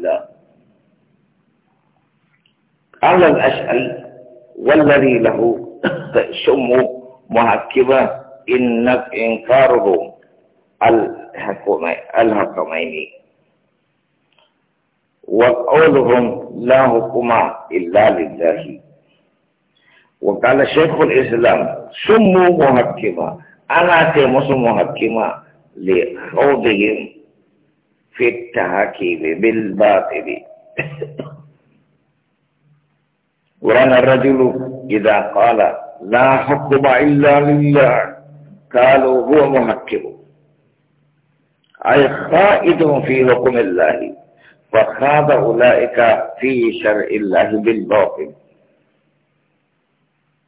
لا قال الأشعري والذي له شم محكما إن إنكاره الحكمين وقولهم لا حكم إلا لله وقال شيخ الإسلام سموا محكما أنا تمس محكما لخوضهم في التحكيم بالباطل وران الرجل إذا قال لا حكم إلا لله قالوا هو محكم أي خائد في حكم الله فخاض أولئك في شرع الله بالباطل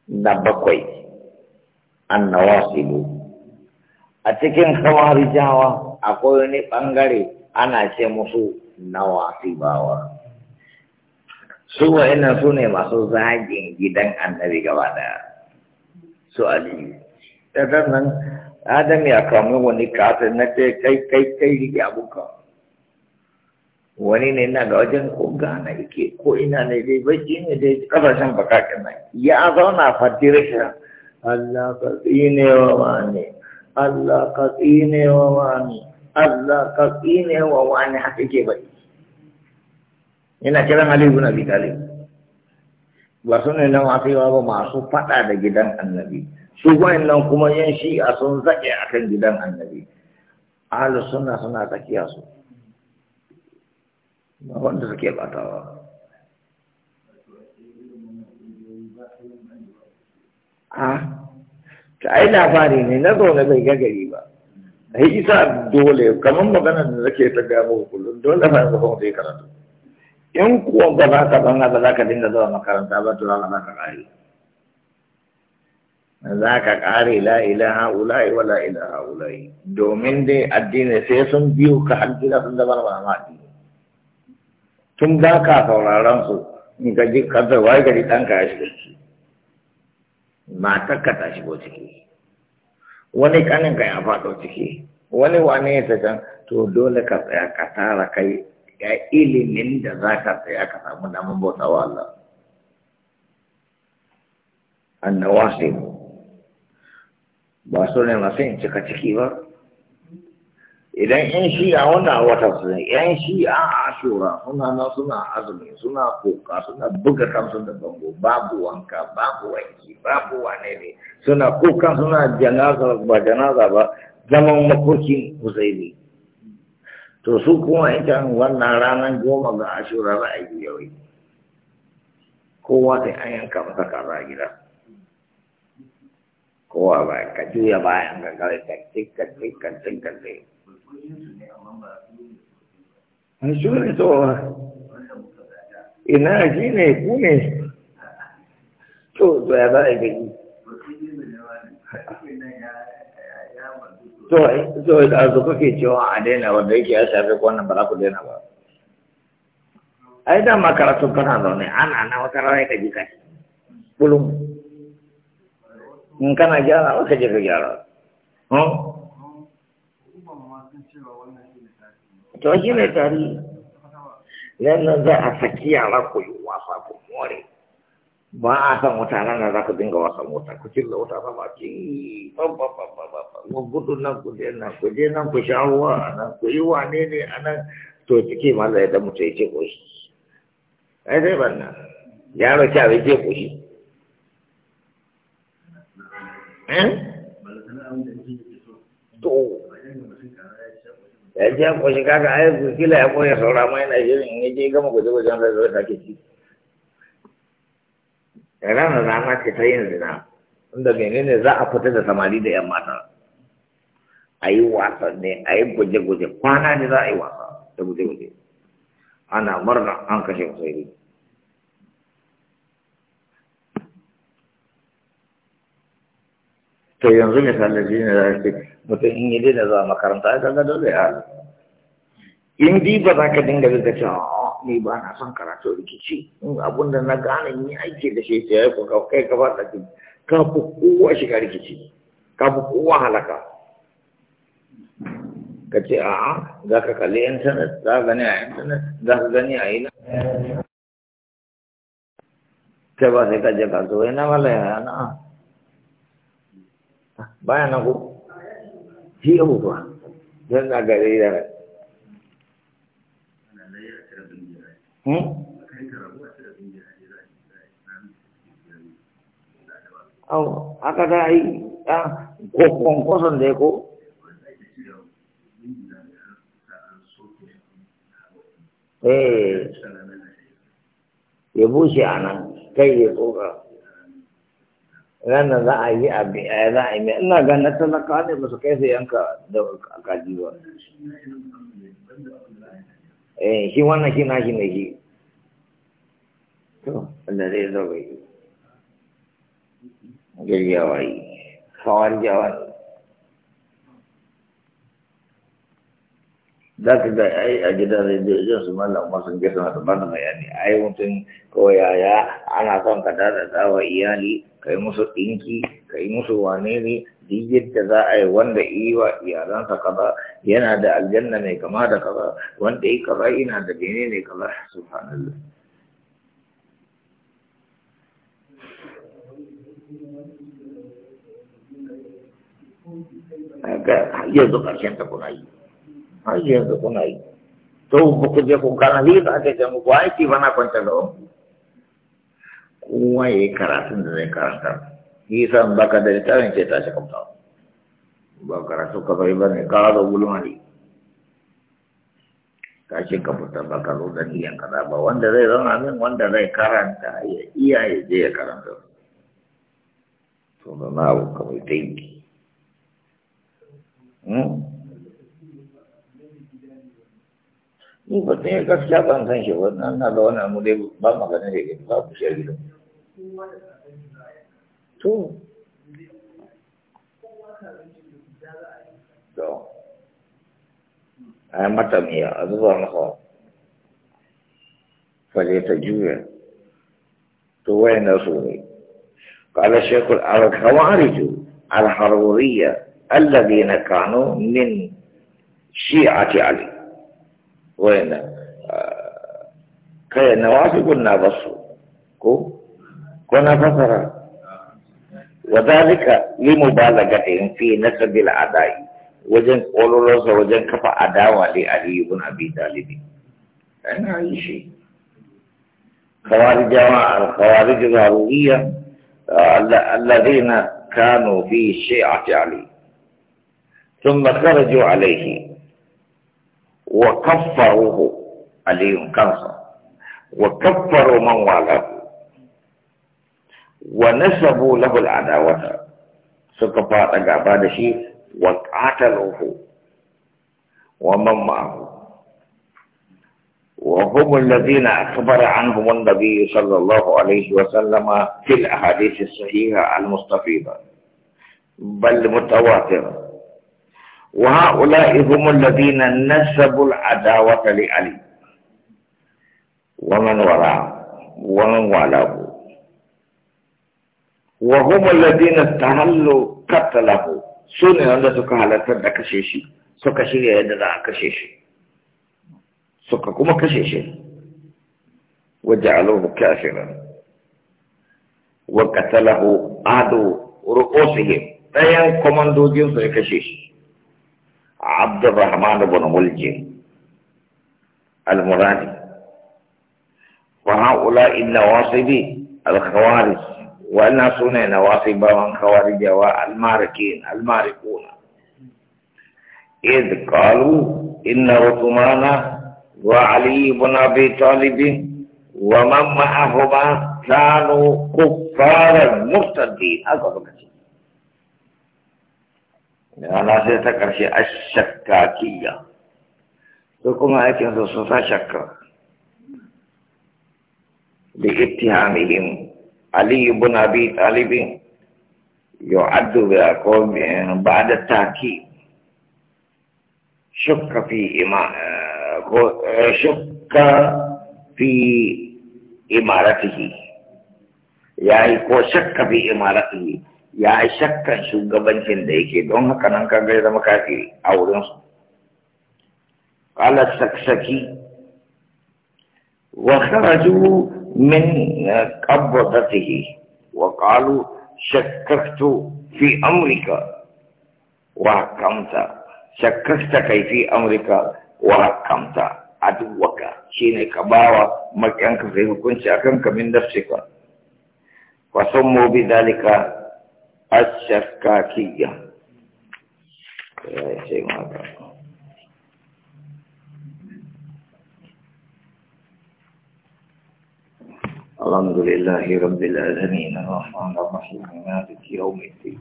نبقي النواصب أتكن خوارجاوة أقول نبقى ana ce musu nawasibawa su wa'ina su ne masu zagin gidan annabi gaba daya su aliyu daga nan adam ya kamu wani kasa na ce kai kai kai rike abuka wani ne na ga wajen ko gana yake ko ina ne dai baki ne dai kasashen bakakin nan ya zauna fadirisha Allah ka tsinewa ma ne Allah ka tsinewa ma ne Allah ka ne wa wani haka ke bai yana kiran Ali ibn Abi Talib ba su ne nan afewa ba masu fada da gidan annabi su nan kuma shi a sun zaƙe akan gidan annabi Ahalu suna suna tsakiya su ba wanda suke batawa a ah, ta ai labari ne na zaune bai gagari ba sai isa dole kamar maganar da nake ta gaya muku kullum dole fa yanzu kuma sai karatu in kuwa ba za ka zama ba za ka dinga zuwa makaranta ba to za ka kare za ka kare la ilaha ulai wa la ilaha ulai domin dai addini sai sun biyu ka har gida sun zama ba ma addini tun ba ka sauraron su in ka ji ka zai wai gari ɗanka ya shiga ciki ta ka tashi ko ciki wani kanin ka ya faɗo ciki wani wane ya can. to dole ka tsaya ka tara kai ya ilimin da za ka tsaya ka samu damar bauta wa Allah annawasi ba su ne masu in cika ciki ba idan yan shi'a wannan wata su yan shi'a a ashura suna nan suna azumi suna koka suna buga kansu da bango babu wanka babu wanki babu wane ne suna koka suna janaza ba janaza ba zaman makokin husaini to su kuma ita wannan ranar goma ga ashura za a yi yawai kowa sai an yanka masa kaza gida kowa ba ka juya bayan ga gare ka tikka tikka tikka tikka su ne tsohuwa ina shi ne ku ne to to ya za a gani to da su kuke cewa a daina wanda yake ya shafi wannan ba za ku daina ba ai da makaratun kana zaune ana na wata rana ka ji kai bulum in kana gyara ka je ka gyara to shi ne tarihi nan nan za a saki yara ku yi wasa ku more ba a san wata nan da za ku dinga wasa mota ku cilla wata sama ci ku gudu nan ku je nan ku je nan ku sha ruwa a nan ku yi wane ne a nan to cike ma da yadda mutum ya ce ƙoshi ai sai ban nan yaro ci eh? abin ce ƙoshi to yaje ya ya koshi kaga ai kila ya koya saura mai na shirin ya je gama eh, ah, guje-gujen da zai sake ci ranar rana ce ta yin zina inda menene za a fita da samari da yan mata a yi ne a yi guje-guje kwana ne za a yi wasa da guje-guje ana murna an kashe musairi to yanzu misali shi ne zai ce mutum in yi da zuwa makaranta ya kaga dole ya in di ba za ka dinga zai ce ah, ni ba na son karatu rikici abun da na gane ni aiki da shi ya yi kuka kai ka da ke ka fi kowa shiga rikici ka fi kowa halaka ka ce a'a za ka kalli intanet za ka gani a intanet za ka gani a ina ta ba sai ka je zo ina mala yana baya nan ko shi ya mutuwa don na gare da rai hmm? Au, aka da ai a kokon kosan da ya ko eh ya bushe a nan kai ya tsoka ranar za a yi abin a za a yi mai ina ga na talaka ne ba su kai sai yanka da kaji ba eh shi wannan shi na shi na shi to Allah zai zo bai girgiyawa yi kawar jawa za ka ga ai a gidan rediyo idan su mallam masu sun na da bada bayani a yi mutum ko yaya ana son ka dada wa iyali ka yi musu ɗinki ka yi musu wane ne duk yadda za a yi wanda yi wa iyalansa kaza yana da aljanna mai kama da kaza wanda yi kaza ina da bene ne kaza subhanallah yanzu ƙarshen ta kuna yi har yanzu kuna yi to ba ko je kun kana biyu da ake jan ko aiki ba na kwanta da wani kowa ya yi karatun da karanta yi san baka da littafin ce ta shi kamta ba karatu ka bai ba ne kawo da gulmari ka ce ka fita ba ka zo da niyan kaza ba wanda zai zauna min wanda zai karanta ya iya ya je karanta to na abu kamar dangi hmm? ni ba ta yi gaskiya ban san shi wannan na da wannan mu dai ba magana da ke ba ku shi gidan to to ai mata miya a zuwa maka fale ta juya to wayan da su ne قال الشيخ الخوارج الحرورية الذين كانوا من شيعة علي وينه آه، كي نوافق النافس كو basu ko وذلك لمبالغة في نسب الأداء وجن قولوا لوسا وجن كفى عداوة لعلي بن أبي طالب أنا أي شيء خوارج الخوارج الهروية آه، الذين كانوا في شيعة علي ثم خرجوا عليه وكفروه عليهم كنصر وكفروا من والاه ونسبوا له العداوة سكفاء بعد شيء وقاتلوه ومن معه وهم الذين أخبر عنهم النبي صلى الله عليه وسلم في الأحاديث الصحيحة المستفيضة بل متواترة Waha ula ihuma ladina na sabulada wata laifin? Wannan wala, wannan wala ko. Wahoma ladina tahan lo katalako? So na yadda suka halartar da kashe shi, suka shirya yadda za'a kashe shi, suka kuma kashe shi, waje calo ko kika shirar. Waƙar ta laku ado rukon Tsayan kwamandansu ne kashe shi. عبد الرحمن بن ملجم المرادي وهؤلاء النواصب الخوارج وأنا سنة نواصب من خوارج والماركين الماركون إذ قالوا إن عثمان وعلي بن أبي طالب ومن معهما كانوا كفارا مرتدين هذا rana sai ta ƙarshe a shakkakiyya su kuma aikinsu su sa shakka da ittihamihim Ali ibn Abi Talib يعد بأقوم بعد التأكيد شك في إما شك في إمارته يعني كو شك في إمارته ya shakkan shugabancin da yake don haka nan kan gai zama kafiri a wurinsu qala saksaki wa kharaju min qabdatihi wa qalu shakkaktu fi amrika wa hakamta shakkakta kai fi amrika wa hakamta aduwaka shine ka bawa makiyanka sai hukunci akan kamin nafsika fa sammu bi dalika الشكاكية الحمد لله رب العالمين الرحمن الرحيم مالك يوم الدين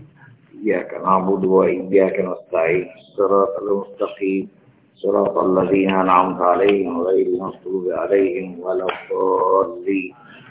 إياك نعبد وإياك نستعين الصراط المستقيم صراط الذين أنعمت عليهم غير المغضوب عليهم ولا الضالين